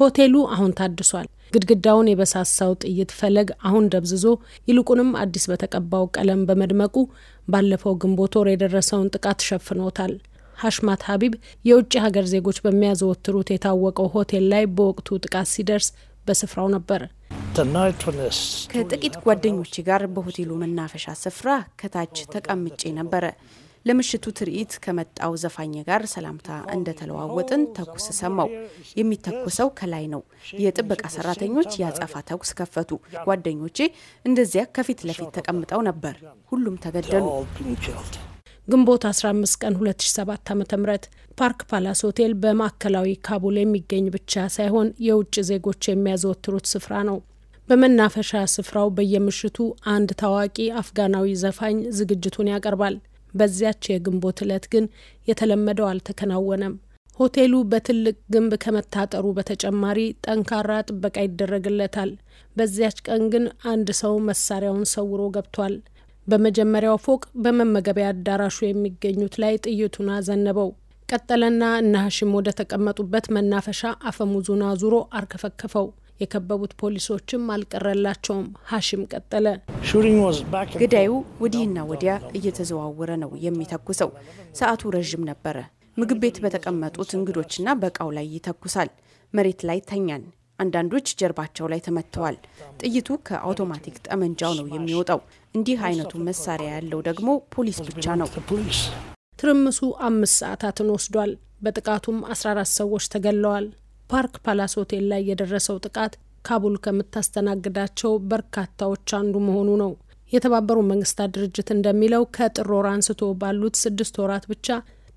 ሆቴሉ አሁን ታድሷል። ግድግዳውን የበሳሳው ጥይት ፈለግ አሁን ደብዝዞ ይልቁንም አዲስ በተቀባው ቀለም በመድመቁ ባለፈው ግንቦት ወር የደረሰውን ጥቃት ሸፍኖታል። ሀሽማት ሀቢብ የውጭ ሀገር ዜጎች በሚያዘወትሩት የታወቀው ሆቴል ላይ በወቅቱ ጥቃት ሲደርስ በስፍራው ነበር። ከጥቂት ጓደኞቼ ጋር በሆቴሉ መናፈሻ ስፍራ ከታች ተቀምጬ ነበረ። ለምሽቱ ትርኢት ከመጣው ዘፋኝ ጋር ሰላምታ እንደተለዋወጥን ተኩስ ሰማው። የሚተኩሰው ከላይ ነው። የጥበቃ ሰራተኞች የአጸፋ ተኩስ ከፈቱ። ጓደኞቼ እንደዚያ ከፊት ለፊት ተቀምጠው ነበር። ሁሉም ተገደሉ። ግንቦት 15 ቀን 2007 ዓ ም ፓርክ ፓላስ ሆቴል በማዕከላዊ ካቡል የሚገኝ ብቻ ሳይሆን የውጭ ዜጎች የሚያዘወትሩት ስፍራ ነው። በመናፈሻ ስፍራው በየምሽቱ አንድ ታዋቂ አፍጋናዊ ዘፋኝ ዝግጅቱን ያቀርባል። በዚያች የግንቦት ዕለት ግን የተለመደው አልተከናወነም። ሆቴሉ በትልቅ ግንብ ከመታጠሩ በተጨማሪ ጠንካራ ጥበቃ ይደረግለታል። በዚያች ቀን ግን አንድ ሰው መሳሪያውን ሰውሮ ገብቷል። በመጀመሪያው ፎቅ በመመገቢያ አዳራሹ የሚገኙት ላይ ጥይቱን አዘነበው። ቀጠለና እነ ሀሽም ወደ ተቀመጡበት መናፈሻ አፈሙዙን አዙሮ አርከፈከፈው። የከበቡት ፖሊሶችም አልቀረላቸውም። ሀሽም ቀጠለ። ገዳዩ ወዲህና ወዲያ እየተዘዋወረ ነው የሚተኩሰው። ሰዓቱ ረዥም ነበረ። ምግብ ቤት በተቀመጡት እንግዶችና በእቃው ላይ ይተኩሳል። መሬት ላይ ተኛን። አንዳንዶች ጀርባቸው ላይ ተመትተዋል። ጥይቱ ከአውቶማቲክ ጠመንጃው ነው የሚወጣው። እንዲህ አይነቱ መሳሪያ ያለው ደግሞ ፖሊስ ብቻ ነው። ትርምሱ አምስት ሰዓታትን ወስዷል። በጥቃቱም 14 ሰዎች ተገለዋል። ፓርክ ፓላስ ሆቴል ላይ የደረሰው ጥቃት ካቡል ከምታስተናግዳቸው በርካታዎች አንዱ መሆኑ ነው። የተባበሩ መንግስታት ድርጅት እንደሚለው ከጥር ወር አንስቶ ባሉት ስድስት ወራት ብቻ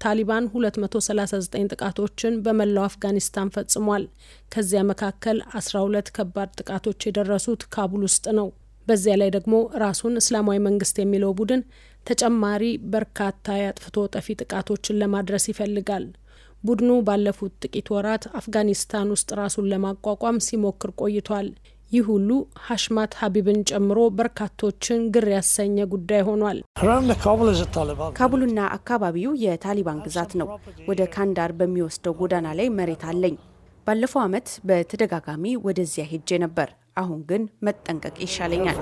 ታሊባን 239 ጥቃቶችን በመላው አፍጋኒስታን ፈጽሟል። ከዚያ መካከል 12 ከባድ ጥቃቶች የደረሱት ካቡል ውስጥ ነው። በዚያ ላይ ደግሞ ራሱን እስላማዊ መንግስት የሚለው ቡድን ተጨማሪ በርካታ የአጥፍቶ ጠፊ ጥቃቶችን ለማድረስ ይፈልጋል። ቡድኑ ባለፉት ጥቂት ወራት አፍጋኒስታን ውስጥ ራሱን ለማቋቋም ሲሞክር ቆይቷል። ይህ ሁሉ ሀሽማት ሀቢብን ጨምሮ በርካቶችን ግር ያሰኘ ጉዳይ ሆኗል። ካቡልና አካባቢው የታሊባን ግዛት ነው። ወደ ካንዳር በሚወስደው ጎዳና ላይ መሬት አለኝ። ባለፈው ዓመት በተደጋጋሚ ወደዚያ ሄጄ ነበር። አሁን ግን መጠንቀቅ ይሻለኛል።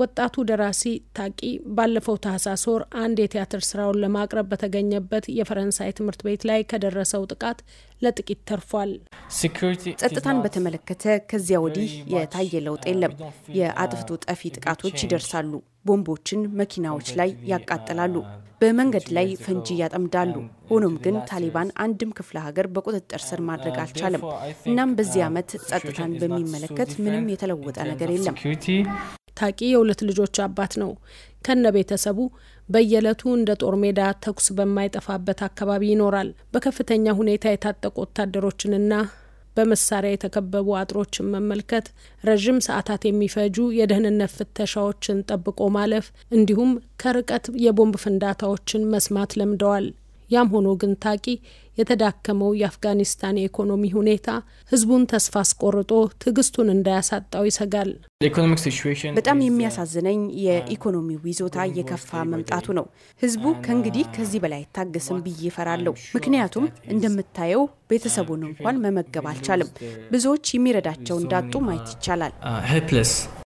ወጣቱ ደራሲ ታቂ ባለፈው ታህሳስ ወር አንድ የቲያትር ስራውን ለማቅረብ በተገኘበት የፈረንሳይ ትምህርት ቤት ላይ ከደረሰው ጥቃት ለጥቂት ተርፏል። ጸጥታን በተመለከተ ከዚያ ወዲህ የታየ ለውጥ የለም። የአጥፍቶ ጠፊ ጥቃቶች ይደርሳሉ። ቦምቦችን መኪናዎች ላይ ያቃጥላሉ። uh, በመንገድ ላይ ፈንጂ ያጠምዳሉ። ሆኖም ግን ታሊባን አንድም ክፍለ ሀገር በቁጥጥር ስር uh, ማድረግ አልቻለም። እናም በዚህ uh, ዓመት ጸጥታን በሚመለከት ምንም የተለወጠ ነገር የለም። ታቂ የሁለት ልጆች አባት ነው። ከነ ቤተሰቡ በየዕለቱ እንደ ጦር ሜዳ ተኩስ በማይጠፋበት አካባቢ ይኖራል። በከፍተኛ ሁኔታ የታጠቁ ወታደሮችንና በመሳሪያ የተከበቡ አጥሮችን መመልከት፣ ረዥም ሰዓታት የሚፈጁ የደህንነት ፍተሻዎችን ጠብቆ ማለፍ እንዲሁም ከርቀት የቦምብ ፍንዳታዎችን መስማት ለምደዋል። ያም ሆኖ ግን ታቂ የተዳከመው የአፍጋኒስታን የኢኮኖሚ ሁኔታ ህዝቡን ተስፋ አስቆርጦ ትዕግስቱን እንዳያሳጣው ይሰጋል። በጣም uh, የሚያሳዝነኝ የኢኮኖሚው uh, ይዞታ እየከፋ መምጣቱ ነው። ህዝቡ uh, ከእንግዲህ ከዚህ በላይ አይታገስም ብዬ እፈራለሁ። ምክንያቱም እንደምታየው ቤተሰቡን እንኳን መመገብ አልቻለም። ብዙዎች የሚረዳቸው እንዳጡ ማየት ይቻላል።